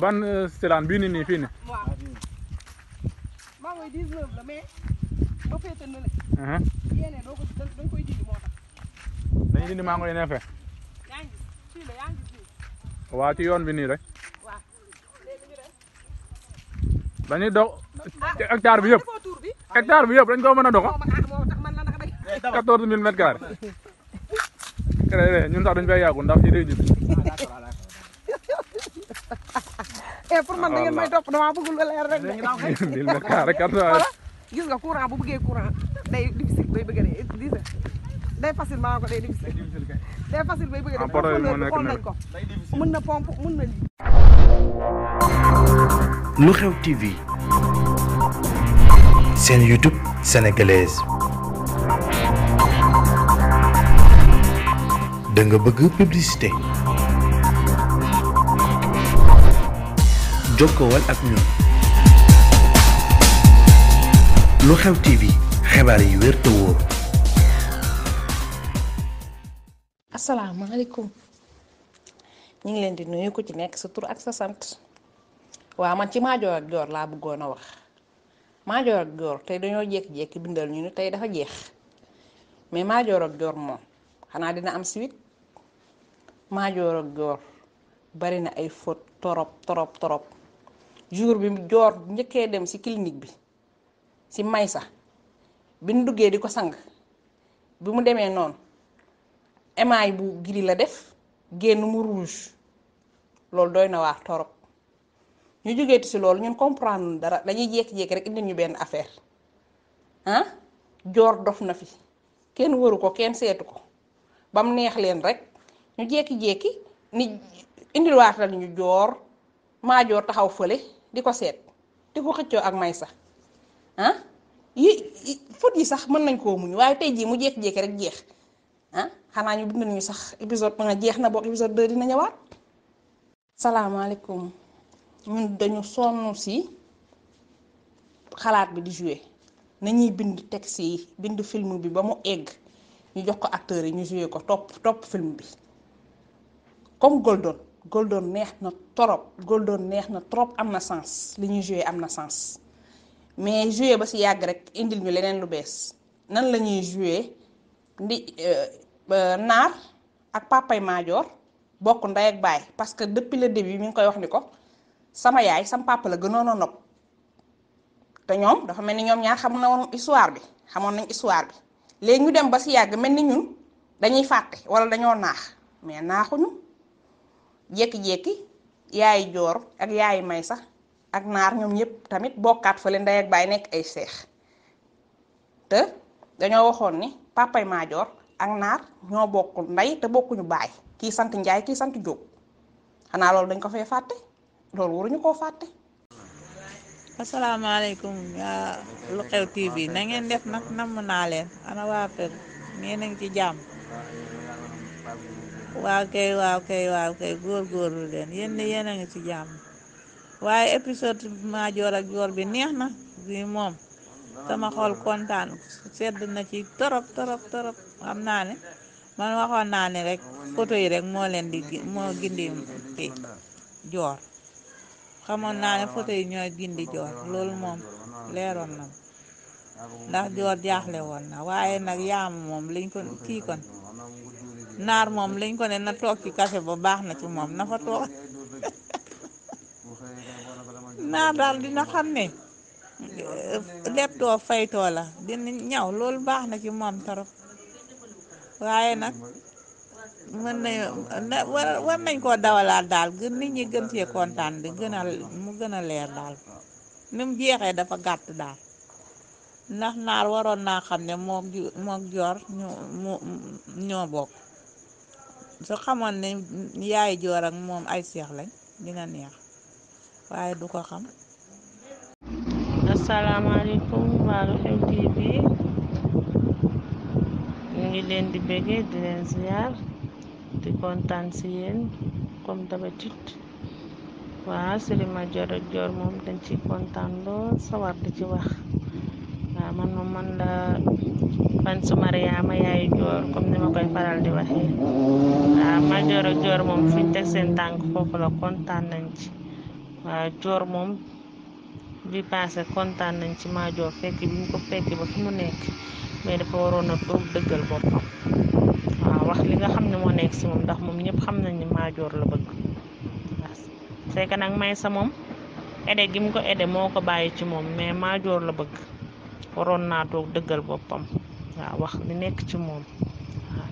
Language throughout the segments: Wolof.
ban euh, selaan bii nii nii fii nii. waaw maa maa ngi lay neefee. yaa yoon bi nii rek. waaw léegi ah. hectare bi yëpp. Ah, hectare bi yëpp dañ ko mën a doxo. 14000 ah, mètres créé ñun eh, man da ngeen may topp damaa bëgg lu leer rek nga courant bu bëggee courant a dee a dee xool TV. seen YouTube sénégalaise. da nga bëgg publicité jokkowal ak ñun lu xew TV xibaar yi wér te wóor. asalaamaaleykum ñu ngi leen di nuyu ku ci nekk sa tur ak sa sant waaw man ci maajoor ak joor laa bëggoon a wax majoor ak joor tey dañoo jékki-jékki bindal ñu ne tey dafa jeex mais maajoor ak joor moom xanaa dina am suite maajoor ak joor bari na ay fóot torop torop torop jour bi joor njëkkee dem ci clinique bi ci Maysa bi nu duggee di ko sang bi mu demee noonu émail bu giri la def génn mu rouge loolu doy na waax torop ñu jógeeti si loolu ñun comprendre dara dañuy jékki-jékki rek indi ñu benn affaire ah joor dof na fi kenn wëru ko kenn seetu ko bam neex leen rek ñu jékki-jékki ni indiwaat la ñu joor maajoor taxaw fële di ko seet di ko xëccoo ak may sax ah yi fët yi sax mën nañ koo muñ waaye tey jii mu jékki-jékki rek jeex ah xanaa ñu bind ñu sax épisode ba jeex na boog épisode 2 dina ñëwaat. salaamaaleykum ñun dañu sonn si xalaat bi di jouer nañuy bind texte yi bind film bi ba mu egg ñu jox ko acteurs yi ñu jouer ko topp topp film bi. comme Golden Golden neex na trop Golden neex na trop am na sens li ñuy joué am na sens mais joué ba si yàgg rek indil ñu leneen lu bees nan la ñuy joué ndi euh, euh, naar ak papay maajoor bokk ndey ak baay parce que depuis le début mu ngi koy wax ni ko sama yaay sama papa la gënoon a nopp te ñoom dafa mel ni ñoom ñaar xam na woon histoire bi xamoon nañ histoire bi léegi ñu dem ba si yàgg mel ni ñun dañuy fàtte wala dañoo naax mais naaxuñu. jékki-jékki yaay joor ak yaay may sax ak naar ñoom ñëpp tamit bokkaat fële ndey ak baay nekk ay seex te dañoo waxoon ni papay maajoor ak naar ñoo bokk ndey te bokkuñu baay kii sant njaay ki sant jóob xanaa loolu dañ ko fay fàtte loolu ko koo fàtte asalaamaaleykum yaa lu xew TV na ngeen def nag namm naa leen ana waa kër ngeen a ngi ci jaam waaw kay waaw kay waaw kay leen yéen yéen a ngi ci jàmm waaye épisode maajoor ak joor bi neex na bi moom dama xol kontaan sedd na ci torop torop torop xam naa ne man waxoon naa ne rek photo yi rek moo leen di moo gindi ki joor xamoon naa ne photo yi ñooy gindi joor loolu moom leeroon na ndax joor jaaxle woon na waaye nag yaam moom ko kii kon naar moom lañ ko ne na toog ci café ba baax na ci moom na fa toog naar daal dina xam ne euh, leptoo faytoo la dina ñaw loolu baax na ci moom torop waaye nag mën na war nañ koo dawalaat daal gën nit ñi gën cee kontaan di gën a mu gën a leer daal ni mu jeexee dafa gàtt daal ndax naar waroon naa xam ne moo mook joor ñoo bokk su xamoon ne yaay joor ak moom ay seex lañ dina neex waaye du ko xam asalaamaaleykum waa Xew TV ñu ngi leen di béggee di leen ziar di kontaan si yéen comme waa Sirima Joor ak moom dañ ci kontaan lool sawar di ci wax waaw man moom man la fan su ma yaayu joor comme ni ma koy faral di waxee waaw ah, Madior ak Dior moom fi teg seen tànk foofu la kontaan nañ ci waaw ah, Dior moom bi passé kontaan nañ ci Madior fekk bi ñu ko fekk ba fi mu nekk mais dafa waroon a toog dëggal boppam waaw ah, wax li nga xam ne moo nekk ci moom ndax moom ñépp xam nañ ni Madior la bëgg waaw c'est nag may sa moom aide gi mu ko aide moo ko bàyyi ci moom mais Madior la bëgg. waroon naa toog dëggal boppam waaw wax lu nekk ci moom waaw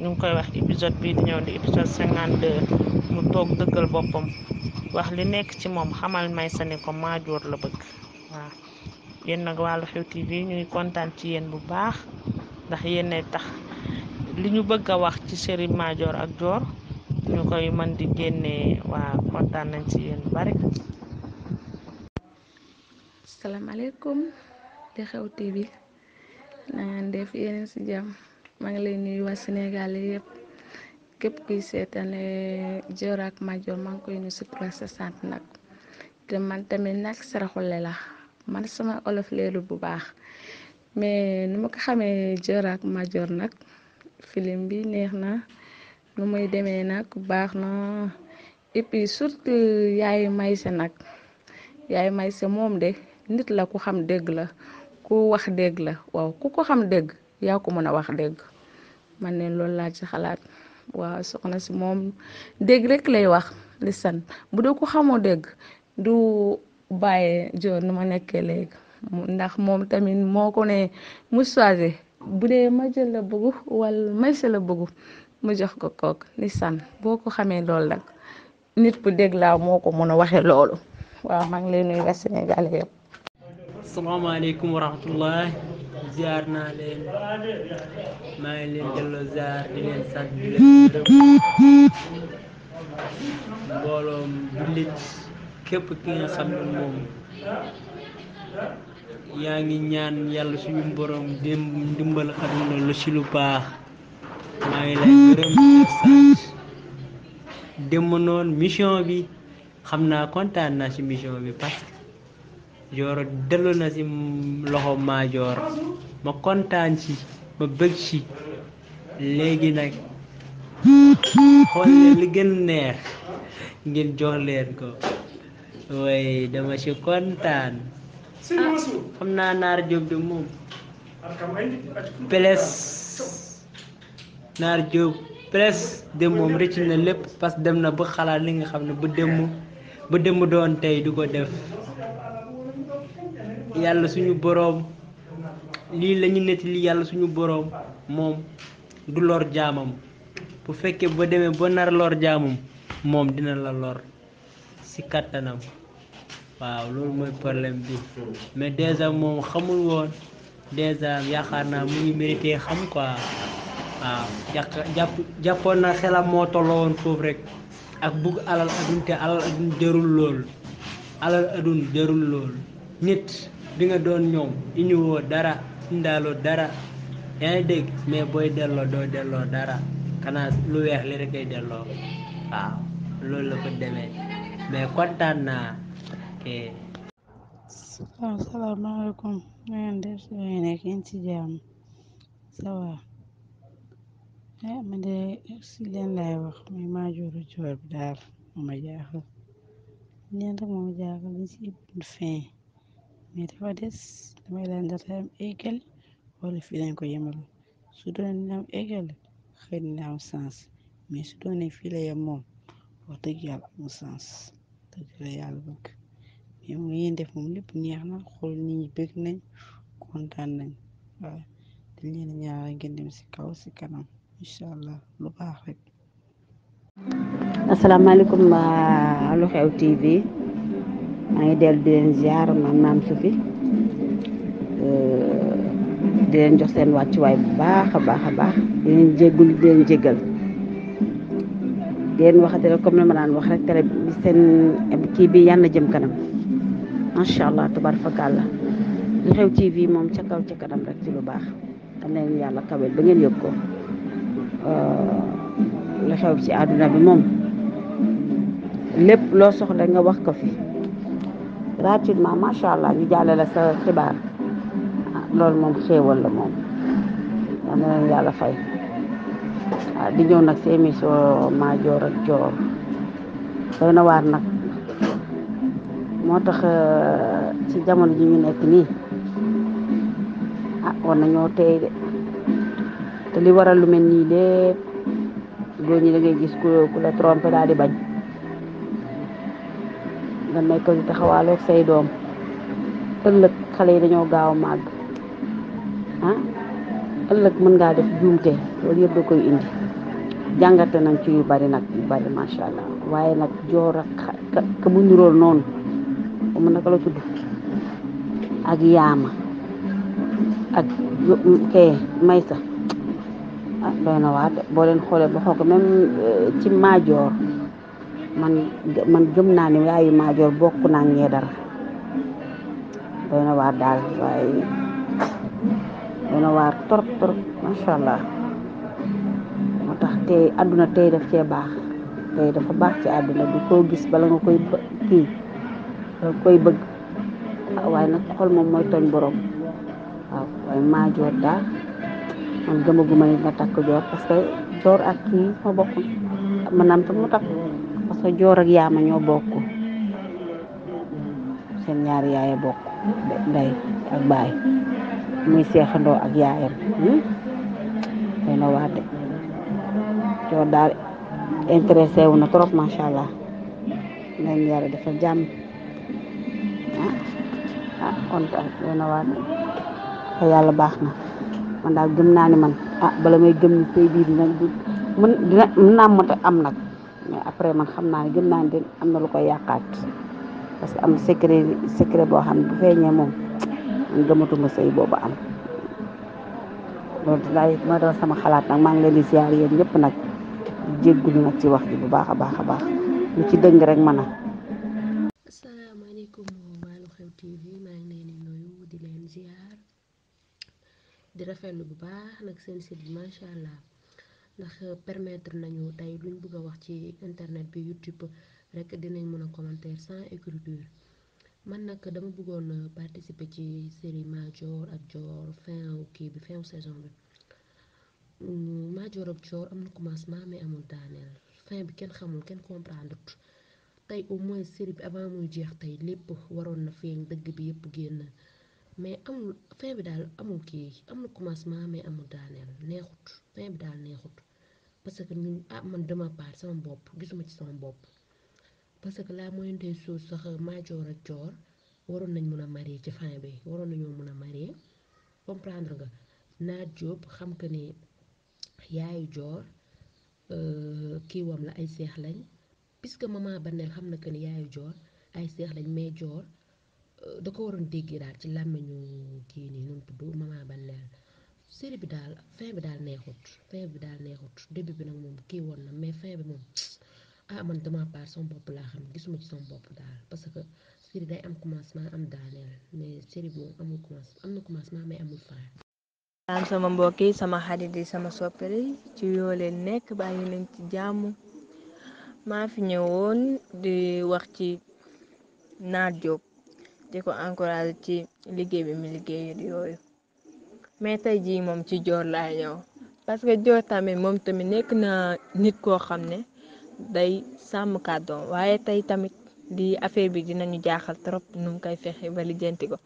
ñu ngi koy wax épisode bii di di épisode 52 mu toog dëggal boppam wax li nekk ci moom xamal may sa ni ko maajoor la bëgg waaw yéen nag waa Lu Xew TV ñu kontaan ci yéen bu baax ndax yéenay tax li ñu bëgg a wax ci série maajoor ak joor ñu koy mën di génnee waa kontaan nañ ci yéen bu bari di xew TV na ngeen def yéen si jàmm maa ngi lay nuyu wa Sénégal yëpp képp kuy seetaane eh, Dior major Madior maa ngi koy nuyu si 360 nag te man tamit nag saraxule la man sama olof leerul bu baax mais nu ma ko xamee Dior major Madior nag film bi neex na nu muy demee nag baax na et surtout yaay Maysa nag yaay Maysa moom de nit la ku xam dëgg la. ku wax dégg la waaw ku ko xam dégg yaa ko mën a wax dégg man ne loolu laa ci xalaat waaw soxna si moom dégg rek lay wax di san bu dee ko xamoo dégg du bàyyee joor nu ma nekkee léegi ndax moom tamit moo ko ne mu choisir bu dee ma jël la bëggu wala may sa la bëggu mu jox ko kook di san boo ko xamee loolu nag nit bu dégg laa moo ko mën a waxee loolu maa ngi lay nuyu waa Sénégal asalaamaaleykum wa rahmatullah ziar naa leen maa ngi leen delloo ziar di leen sant di leen mbooloom jullit képp ki nga xam ne moom yaa ngi ñaan yàlla suñu borom démb ndimbal xam ne lu ci lu baax maa ngi lay gërëm sant démb noonu mission bi xam naa kontaan naa ci mission bi parce que joor dellu na ci loxo maajoor ma kontaan ci ma bëgg ci léegi nag xool leen li gën neex ngeen jox leen ko waaye dama ci kontaan ah, xam naa naar jóob de moom peles naar jóob peles de moom rëcc na lépp parce que dem na ba xalaat li nga xam ne bu dem ba dem doon tey du ko def yàlla suñu boroom lii lañu ñu netti yàlla suñu boroom moom du lor jaamam bu fekkee ba demee ba nar lor jaamam moom dina la lor ci kàttanam waaw loolu mooy problème bi mais déjà moom xamul woon déjà yaakaar naa mu ngi mérité xam quoi waaw jàpp jàppoon na xelam moo tolloo woon foofu rek ak bugg alal adun te alal adun jarul lool alal adun jarul lool nit bi nga doon ñoom indiwoo dara indaaloo dara yaa ngi dégg mais booy delloo doo delloo dara xanaa lu weex li rek ay delloo waaw loolu la ko demee mais kontaan naa kii. waaw salaamaaleykum na ngeen def si yéen nekk yéen ci jàmm ça va eh man de si leen laay wax mais maa jooru joor bi daal moo ma jaaxal leen rek moo ma jaaxal li si fin. mais dafa des damay laaj ndax am égal wala fii lañ ko yemal su doon na am égal xëy na am sens mais su doon ne fii la yem moom wax dëgg yàlla amul sens dëgg la yàlla bëgg mu yéen def moom lépp neex na xool ni ñi bëgg nañ kontaan nañ waaw dañ leen a ñaara ngeen si kaw si kanam incha allah lu baax rek. asalaamaaleykum Lu Xew TV. maa ngi dellu di leen ziar man maam suufi euh, di leen jox seen wàccuwaay bu baax a baax a baax di leen jéggul di leen jéggal di rek comme la ma daan wax rek télé bi seen kii bi yàlla jëm kanam macha allah tabaarkalla la xew ci TV moom ca kaw ca kanam rek ci lu baax xam ne yàlla kawel ba ngeen yëg ko euh, li xew ci àdduna bi moom lépp loo soxla nga wax ko fi. gratuitement macha allah ñu jàllale sa xibaar ah, loolu moom xéewal la moom yal na leen yàlla fay waaw ah, di ñëw nag si émission Madior ak Dior doy na waar nag moo tax euh, ci jamono ji ñu nekk nii ah war nañoo tey de te li waral lu mel nii lépp góor ñi da gis ku la trompé daal di bañ. nga nekk di taxawaaloog say doom ëllëg xale yi dañoo gaaw a màgg ah ëllëg mën ngaa def juumte loolu yëpp da nañ ci yu bari nag yu bari macha allah waaye nag joor ak ka mu noonu mu naka la tudd ak yaama ak kee may sa ah doy na boo leen xoole ba xool ko même eh, ci maajoor man man gëm naa ne yaayu maajoor bokk naa ñee dara doy na waar daal waaye doy na waar trop trop macha allah moo tax tey àdduna tey daf cee baax tey dafa baax ci àdduna bu koo gis bala nga koy koy bëgg ah, waaye nag xol moom mooy tooñ borom waaye maajoor daal man gëmaguma ne na takk joor parce que joor ak kii ma bokkul maanaam tam mu takk que joor ak yaama ñoo bokk seen ñaari yaaya bokk ndey ak baay muy seexandoo ak yaayam hmm? day na waar daal intéressé wu na trop macha allah leen yàlla dafa jàmm ah, ah kon day na waar de baax na man daal gëm naa ni man ah, bala may gëm ni sëy bii dina mën am nag mais après man xam naa ne gëm naa ne am na lu koy yàqaat parce que am secret secret boo xam ne bu feeñee moom man gëmatuma sëy boobu am loolu daal ma doon sama xalaat nag maa ngi leen di ziar yéen ñëpp nag jéggulu nag ci wax ji bu baax a baax a baax mu ci dëng rek mën a asalaamaaleykum waa Lu Xew TV maa ngi leen di nuyu di leen ziar di rafetlu bu baax nag seen site bi macha allah ndax euh, permettre nañu tey luñ bëgg a wax ci internet bi YouTube rek dinañ mën a commentaire sans écriture man nag dama bëggoon euh, participer ci série Madior ak joor fin kii bi fin saison bi mm, Madior ak Dior am na commencement mais amul daaneel fin bi kenn xamul kenn comprendre tey au moins série bi avant muy jeex tey lépp waroon na feeñ dëgg bi yëpp génn. mais amul fin bi daal amul kii am amul commencement mais amul daaneel neexut fin bi daal neexut parce que ñu ah man dama part sama bopp gisuma ci sama bopp parce que la moyenne des choses sax maajoor ak joor waroon nañ mun a mari ci fin bi waroon nañoo mun a marier comprendre nga naat jóob xam que ni yaayu joor euh, kii wam la ay seex lañ puisque maman Banel xam na que ni yaayu joor ay seex lañ mais joor da ko waroon déggee daal ci làmmiñu kii nii nu mu tudd maman Balde série bi daal fin bi daal neexut fin bi daal neexut début bi nag moom kii woon na mais fin bi moom ah man dama part laa xam gisuma ci sama bopp daal parce que série am commencement am daaneel mais série bi moom na commencement mais amul fin. daan sama mbokk sama xarit yi sama soppere ci yoo leen nekk bàyyi nañ ci jàmm maa fi ñëwoon di wax ci Naar Diop. di ko encouragé ci liggéey bi mu liggéey yooyu mais tey jii moom ci joor laay ñëw parce que joor tamit moom tamit nekk na nit koo xam ne day sàmm kàddoom waaye tey tamit di affaire bi dinañu jaaxal trop nu mu koy fexe ba lijjanti ko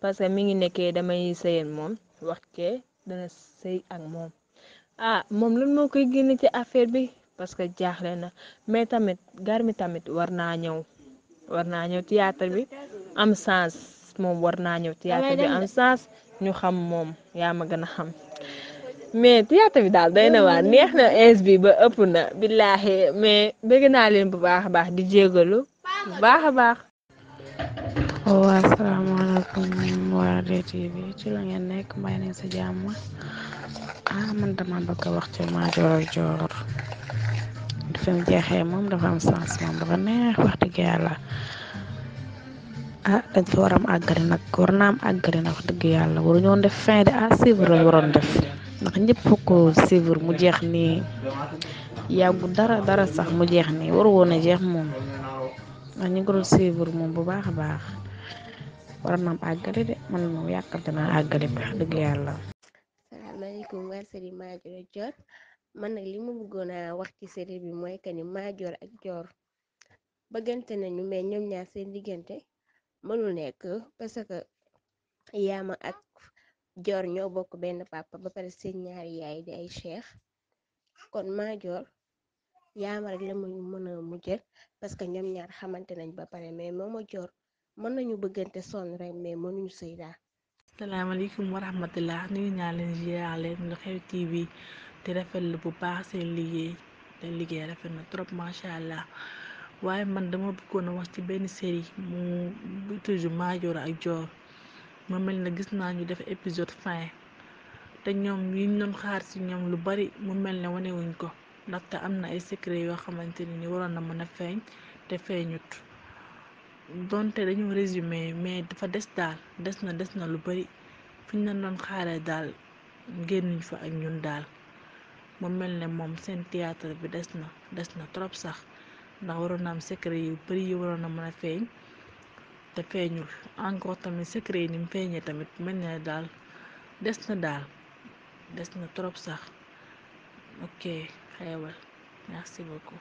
parce que mi ngi nekkee damay sëyeen moom wax kee dana sëy ak moom ah moom lan moo koy génne ci affaire bi parce que jaaxle na mais tamit garmi tamit war naa ñëw. war naa ñëw théâtre bi am sance moom war naa ñëw théâtre bi am sens ñu xam moom yaa ma gën a xam mais théâtre bi daal day na waa neex na ins bi ba ëpp na billaahi mais bëgg naa leen bu baax a baax di jégalu lu baax a baax waa oh, asalaamaaleykum waa RD TV ci la ngeen nekk mbay nañ sa jàmm ah man dama wax ci Madior Dior gudd fi moom dafa am sens moom wax dëgg yàlla ah dañ fa war am nag war naa am àggali nag wax dëgg yàlla waruñoon def fin de à ah, suivre lañ waroon def ndax ñëpp ko suivre mu jeex nii yàggu dara dara sax mu jeex nii waru woon a jeex moom ndax ñu ko doon suivre moom bu baax a baax wara naa am àggali de man moom yàqante naa àggali bi wax dëgg yàlla. salaamaaleykum wa rahmatulah. man nag li mu bëggoon a wax ci série bi mooy que ni Madior ak joor bëggante nañu mais ñoom ñaar seen diggante mënul nekk parce que Yaama ak Dior ñoo bokk benn papa ba pare seen ñaar yaay di ay cheikh kon maajoor Yaama rek la mu mën a mujjal parce que ñoom ñaar xamante nañ ba pare mais mooma joor mën nañu bëggante sonn rek mais mënuñu sëy daal. salaamaaleykum wa rahmatulah nuyu naa leen ziar leen lu xew TV. di rafetlu bu baax seen liggéey te liggéey rafet na trop macha allah waaye man dama buggoon a wax ci benn série mu bu toujours Madior ak joor ma mel na gis naa ñu def épisode fin te ñoom yi ñu doon xaar ci ñoom lu bari mu mel ne wanewuñ ko ndaxte am na ay secret yoo xamante ne ni waroon na mën a feeñ te feeñut doonte dañu résumé mais dafa des daal des na des na lu bari fi ñu doon xaaree daal génnuñ fa ak ñun daal. mu mel ne moom seen théâtre bi des na des na trop sax ndax waroon na am secret yu bari yi waroon na mën a feeñ te feeñul encore tamit secret yi ni feeñee tamit mel na daal des na daal des na trop sax ok xeewal merci beaucoup